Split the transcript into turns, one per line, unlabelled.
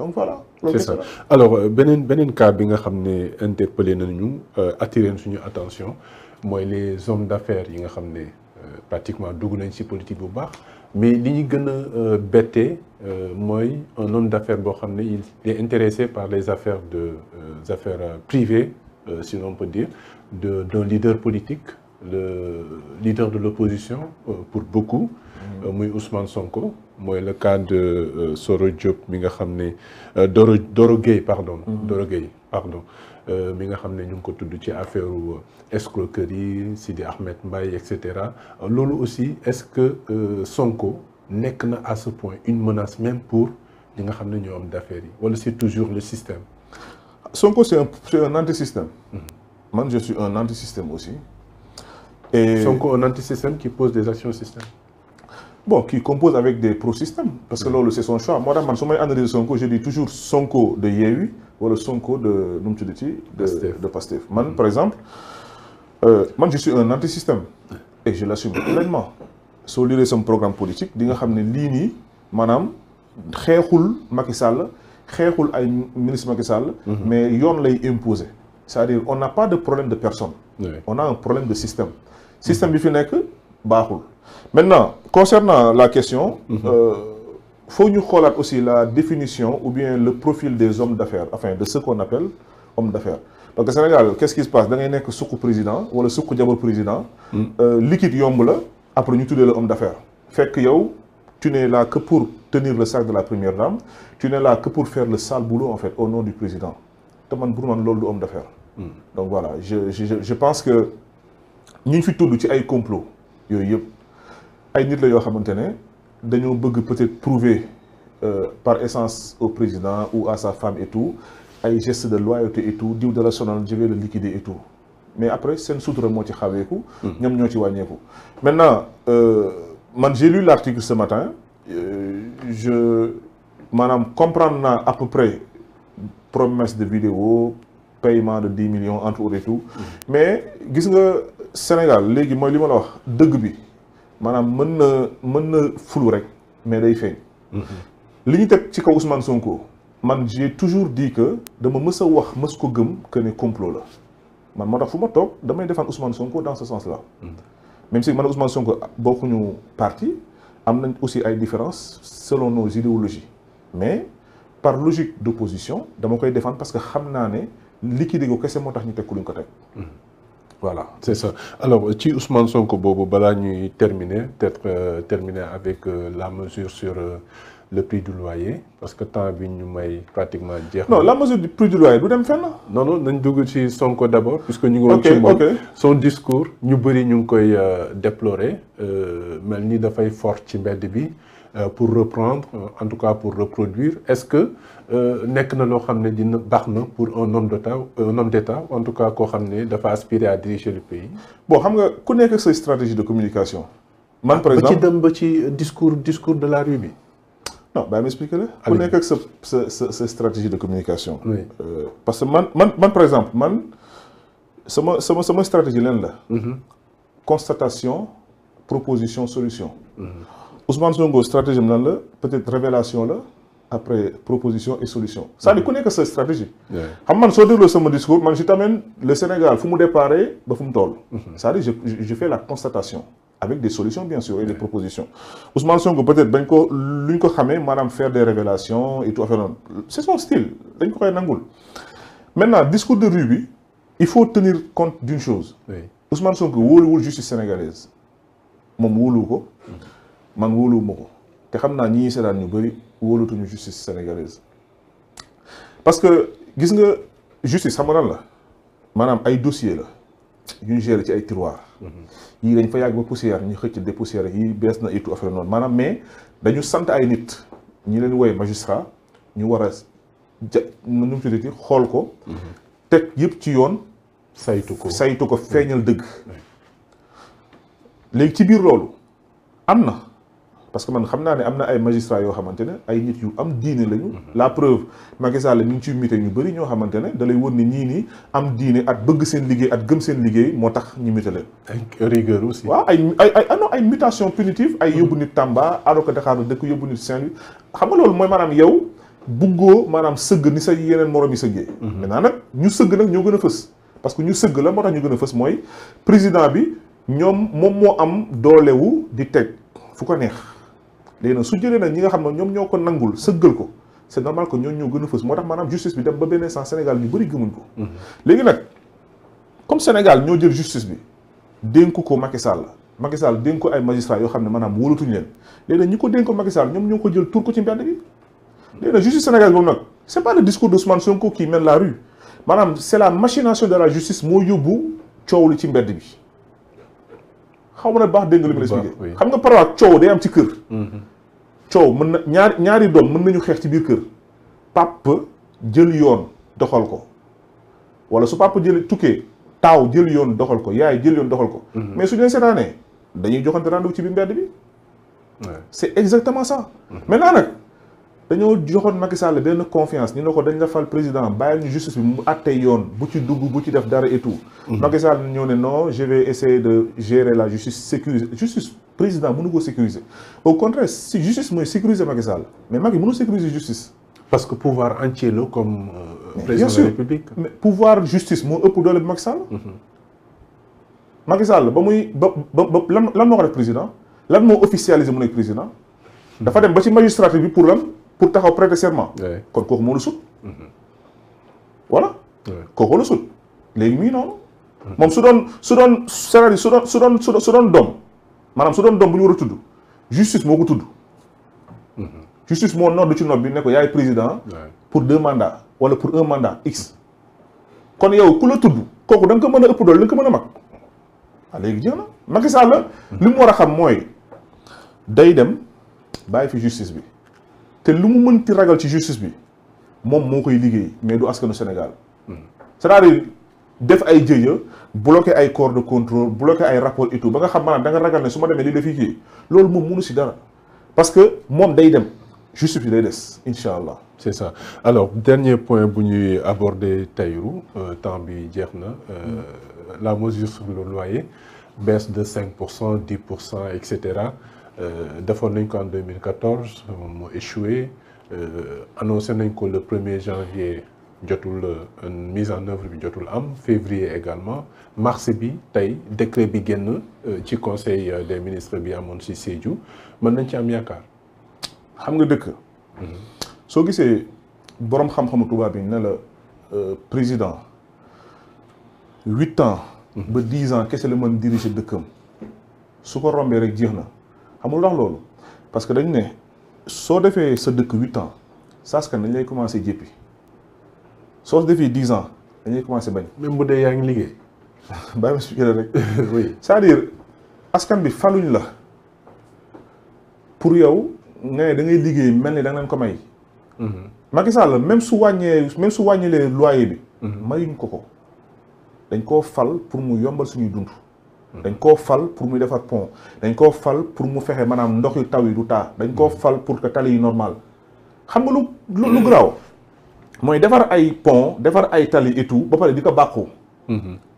donc voilà. c'est ça
alors euh, beneen beneen cas bi nga xam ne interpellé nañu euh, attiré suñu attention mooy les hommes d'affaires yi nga xam ne euh, pratiquement dugg nañ si politique bu baax mais li ñu gën a bettee mooy un homme d'affaires boo xam ne il est intéressé par les affaires de euh, affaires privées euh, si l'on peut dire de d'un leader politique. le leader de l'opposition euh, pour beaucoup mm. euh, muy Ousmane Sonko mooy le cas de euh, Soro Diop mi nga xam ne Doro Doro Gueye pardon mm. Doro Gueye mi nga xam ne ñu ngi ko tudd ci affaire escroquerie Sidi Ahmed Mbaye et cetera loolu aussi est-ce que Sonko nekk na à ce point une menace même pour ñi nga xam ne ñoo am
d'affaires yi wala c'est toujours le système Sonko c'est un c'est un anti-système mm. man je suis un anti-système aussi Et... Sonko un antisystème qui pose des actions système. bon qui compose avec des pro-systèmes parce que mm. loolu c'est son choix moo tax man su may analyser Sonko je dis toujours Sonko de Yewwi wala Sonko de nu mu tuddati de Pastef man mm. par exemple euh, man je suis un anti-système et je l'assume pleinement soo liree sama programme politique di nga xam ne lii nii maanaam xeexul Macky Sall xeexul ay ministre Macky Sall mm-hmm. mais yoon lay imposer c'est-à-dire on n'a pas de problème de personne. on a un problème de système. système bi fi nekk baaxul. maintenant concernant la question. Mhm. Euh, faut ñu xoolaat aussi la définition ou bien le profil des hommes d'affaires enfin de ce qu'on appelle homme d'affaires parce que Sénégal qu'est-ce qui se passe da ngay nekk sukku président wala sukku jabar président. Mm. Euh, liquide yomb la après ñu tuddee la homme d'affaires fekk yow tu n'es là que pour tenir le sac de la première dame tu n'es pour faire le sale boulot en fait man pour man loolu du homme Mm. donc voilà je je je pense que ñu ngi fi tudd ci ay complot yooyu yëpp ay nit la yoo xamante ne dañoo bëgg peut-être prouver euh, par essence au président ou à sa femme et tout ay gestes de loyauté et tout diw la sonal je vais le liquider et tout mais après seen sutura moo ci xaweeku mm. ñoom ñoo ci wàññeeku maintenant euh, man j'ai lu l'article ce matin euh, je maanaam comprendre naa à peu promesse de vidéo paiement de dix millions entre autres tout mais gis nga Sénégal léegi mooy li ma la wax dëgg bi maanaam mën na mën na fulu rek mais day feeñ li ñu teg ci kaw Ousmane Sonko man j'ai toujours dit que dama mës a wax mës ko gëm que ne complot la man moo tax fu ma toog damay défendre Ousmane Sonko dans ce sens là même si man Ousmane Sonko ñu parti am nañ aussi ay différence selon nos idéologies mais par logique d'opposition dama koy défendre parce que xam naa ne liquide ko kese moo tax ñu teg ku luñ ko teg.
voilà c'est ça alors ci Ousmane Sonko boobu balaa ñuy terminer peut-être euh, terminer avec euh, la mesure sur euh, le prix du loyer parce que temps bi ñu may pratiquement jeex. non la mesure du prix du loyer du dem fenn. non non nañ dugg ci Sonko d'abord. puisque ñu ngi woon ci moom son discours. ñu bëri ñu ngi koy euh, déplorer euh, mel nii dafay fort ci mbedd bi. Euh, pour reprendre euh, en tout cas pour reproduire est-ce que euh, nekk na loo xam ne dina baax na pour un homme d'État un homme d'État en tout cas koo xam ne dafa
aspirer à diriger le pays. bon xam nga ku nekk ak sa stratégie de communication. man par exemple ba ci dem ba ci
discours discours de la rue bi.
non bàyyi ma expliquer la ku stratégie de communication. parce que man man man par exemple man sama sama sama stratégie leen la. Mhm. constatation proposition solution. Mhm. Ousmane Sonko stratégie nan la peut-être révélation la après proposition et solution c'est-à-dire ku nekk sa stratégie xam man soo dégloo sama discours man je t'amène le Sénégal fu mu déparé ba fu mu toll l à dire je fais la constatation avec des solutions bien sûr et des propositions Ousmane Sonko peut-être bañ ko lu ñu ko xamee maanaam faire de révélations et tout affaire noonu c'est son style dañ ko koy nangul maintenant discours de rue bi il faut tenir compte d'une chose Ousmane Sonko wóoluwul justice sénégalaise man wóoluwuma ko te xam naa ñi seetaan ñu bëri wóolutuñu justice sénégalaise parce que gis nga justice xam nga la maanaam ay dossier la yu ñu géré ci ay tiroir mhm. yii dañ fa yàgg ba poussière ñu xëcc de poussière yi bees na itu affaire noonu maanaam mais dañu sant ay nit ñi leen wooye magistrat ñu war a ja nu mu tuddati xool ko mhm. teg yëpp ci yoon saytu ko saytu ko feeñal mhm. dëgg léegi ci biir loolu am na parce que man xam naa ne am na ay magistrats yoo xamante ne ay nit yu am diine lañu. Mhm. la preuve Macky Sall mi ngi ciy muté ñu bëri ñoo xamante ne da lay ne ñii nii am diine at bëgg seen liggéey at gëm seen liggéey moo tax ñu muté leen. ay rigueur aussi. waaw ay ay ay ah non ay mutation punitive ay yóbbu nit Tamba alors que Dakar dëkk yóbbu nit Saint-Louis xam nga loolu mooy maanaam yow buggoo maanaam sëgg ni sa yeneen morom yi sëggee. Mhm. maintenant nag ñu sëgg nag ñoo gën a fës parce que ñu sëgg la moo tax ñu gën a fës mooy président bi ñoom moom moo am doolewu di teg fu ko neex léegi nag su jëlee nag ñi nga xam ne ñoom ñoo ko nangul sëggal ko c'est normal que ñooñu ñoo gën a fës moo tax maanaam justice bi dem ba benn sens Sénégal ñu bëri gëmuñ ko mhm. léegi nag comme Sénégal ñoo jël justice bi dénk ko Macky Sall Macky Sall ko ay magistrat yoo xam ne maanaam wóolatuñu leen léegi nag ñi ko dénk ko Macky Sall ñoom ñoo ko jël tur ko ci mbedd bi léegi nag justice sénégalaise boobu nag c'est pas le discours d'Ousmane Sonko qui mène la rue maanaam c'est la machination de la justice moo yóbbu coow li ci mbedd bi xaw ma na baax dégg nga li ma expliqué xam nga parfois coow day am ci kër mhm. coow mën na ñaari ñaari doom mën nañu xeex ci biir kër pàpp jël yoon doxal ko wala su pàpp jël tukkee taaw jël yoon doxal ko yaay jël yoon doxal ko. Mhm. mais suñu leen seetaanee dañuy joxante rendez-vous ci biir mbedd bi. c'est exactement ça. Mhm. maintenant nag dañoo joxoon Macky Sall benn confiance ñu ne ko dañ defal président bàyyil ñu justice bi mu àttee yoon bu ci dugg bu ci def dara et tout. Mhm. Macky Sall ne noo je vais de gérer la justice sécuriser justice président mënu ko sécuriser au contraire si justice mooy sécuriser Macky Sall mais Macky mënu sécuriser justice. parce que pouvoir entier la comme. Euh, président de la pouvoir justice moo ëpp doole bi Macky Sall. Mhm. Macky Sall ba muy ba ba ba lan lan moo ko def président lan moo officialisé mu nekk président. dafa dem ba ci magistrature bi pour lan. pour taxaw prêter serment. kon kooku moo la sut. Mhm. voilà. kooku la sut léegi muy noonu. Mhm. moom su doon su doon c'est-à-dire su doon su doon su doon doom maanaam su doon doom bu ñu a tudd justice moo ko tudd. Mhm. justice moo nodd ci nob bi ne ko yaay président. pour deux mandats wala pour un mandat x. kon yow ku la tudd kooku da nga ko mën a ëpp doole da nga ko mën a mag. waaw ah, léegi jeex na Macky Sall mu war a xam mooy day dem bàyyi fi justice bi. lu mu mënti ragal ci justice bi moom moo koy liggéey mais du askanu Sénégal c'est-à-dire def ay jëya bloqué ay corps de contrôle bloqué ay rapport et ba nga xam maanaam da ragal ne su ma demee di defi kii loolu moom mënu si dara parce que moom day dem justice bi day des incha allah. c'est ça
alors dernier point bu ñuy aborder Tahirou euh, temps bi jeex na euh, la mesure sur le loyer baisse de 5 pour cent 10 pour cent et cetera. Euh, defoon nañ ko en 2014 mu échoué euh, annoncé nañ ko le premier janvier jotul euh, mise en œuvre bi jotul am février également mars bi tey décret bi génn ci conseil des ministre bi amoon ci Sédhiou
mën nañ ci am yaakaar. xam nga dëkk.
Mhm.
soo gisee boroom xam-xamu tubaab yi ne la président huit ans. Mhm. ba dix ans kese la mën diriger dëkkam su ko rombee rek jeex na. xamul ndax loolu parce que dañ ne soo defee sa dëkk huit ans saaskan dañ lay commencé jéppi soo defee dix ans dañ lay commencé bañ. même bu dee yaa ngi liggéey. bàyyi ma expliqué la rek. oui askan bi faluñ la pour yow nga liggéey mel ni da ko may. Mm-hmm. Macky même su wàññee même su wàññilee loyer bi. Mm-hmm. mayuñ ko ko dañ koo fal pour mu yombal suñuy dund. dañ koo fal pour muy defar pont dañ koo fal pour mu fexe maanaam ndox yu taw yi du taa dañ koo fal pour que tali yu normal xam nga lu lu garaaw mooy defar ay pont defar ay tali et ba pare di ko bàqu
mm-hmm.